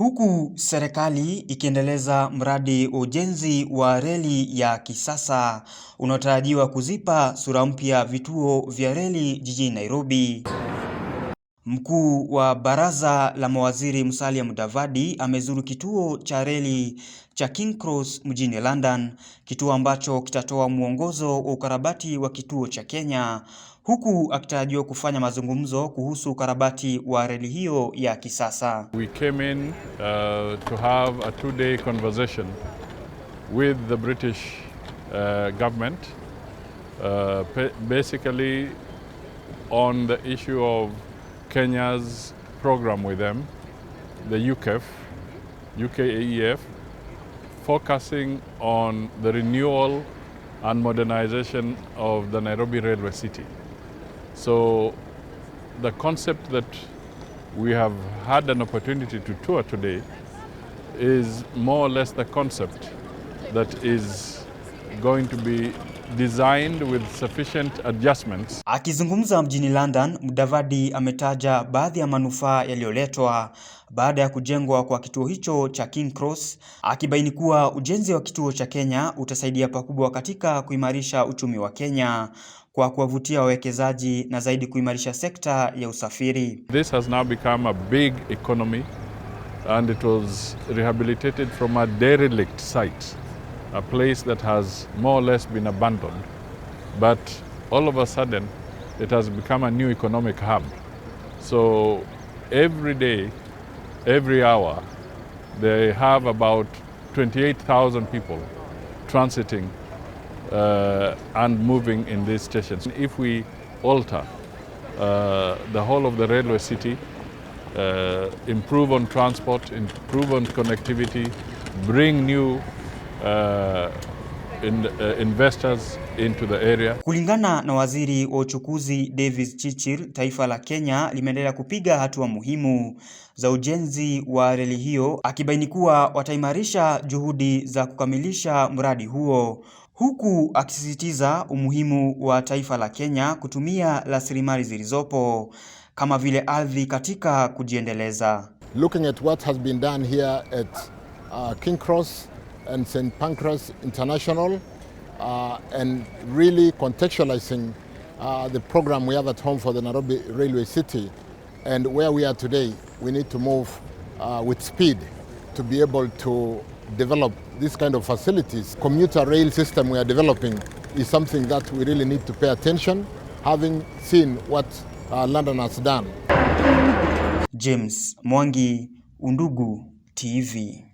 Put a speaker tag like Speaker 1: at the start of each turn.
Speaker 1: Huku serikali ikiendeleza mradi wa ujenzi wa reli ya kisasa unaotarajiwa kuzipa sura mpya vituo vya reli jijini Nairobi. Mkuu wa Baraza la Mawaziri Musalia Mudavadi amezuru kituo cha reli cha King Cross mjini London, kituo ambacho kitatoa mwongozo wa ukarabati wa kituo cha Kenya, huku akitarajiwa kufanya mazungumzo kuhusu ukarabati wa reli hiyo ya kisasa.
Speaker 2: We came in uh, to have a two-day conversation with the British uh, government uh, basically on the issue of Kenya's program with them, the UKEF, UKAEF, focusing on the renewal and modernization of the Nairobi Railway City. So the concept that we have had an opportunity to tour today is more or less the concept that is going to be designed with sufficient adjustments.
Speaker 1: Akizungumza mjini London, Mudavadi ametaja baadhi ya manufaa yaliyoletwa baada ya kujengwa kwa kituo hicho cha King Cross, akibaini kuwa ujenzi wa kituo cha Kenya utasaidia pakubwa katika kuimarisha uchumi wa Kenya kwa kuwavutia wawekezaji na zaidi kuimarisha sekta ya usafiri.
Speaker 2: This has now become a big economy and it was rehabilitated from a derelict site. a place that has more or less been abandoned, but all of a sudden it has become a new economic hub. So every day, every hour, they have about 28,000 people transiting uh, and moving in these stations. If we alter uh, the whole of the railway city, uh, improve on transport, improve on connectivity, bring new Uh, in, uh, investors into the area.
Speaker 1: Kulingana na Waziri wa Uchukuzi Davis Chichir, taifa la Kenya limeendelea kupiga hatua muhimu za ujenzi wa reli hiyo, akibaini kuwa wataimarisha juhudi za kukamilisha mradi huo huku akisisitiza umuhimu wa taifa la Kenya kutumia rasilimali zilizopo kama vile ardhi katika kujiendeleza.
Speaker 3: Looking at what has been done here at uh, King Cross and St. Pancras International uh, and really contextualizing uh, the program we have at home for the Nairobi Railway City and where we are today, we need to move uh, with speed to be able to develop these kind of facilities. Commuter rail system we are developing is something that we really need to pay attention, having seen what uh, London has done.
Speaker 4: James Mwangi, Undugu TV.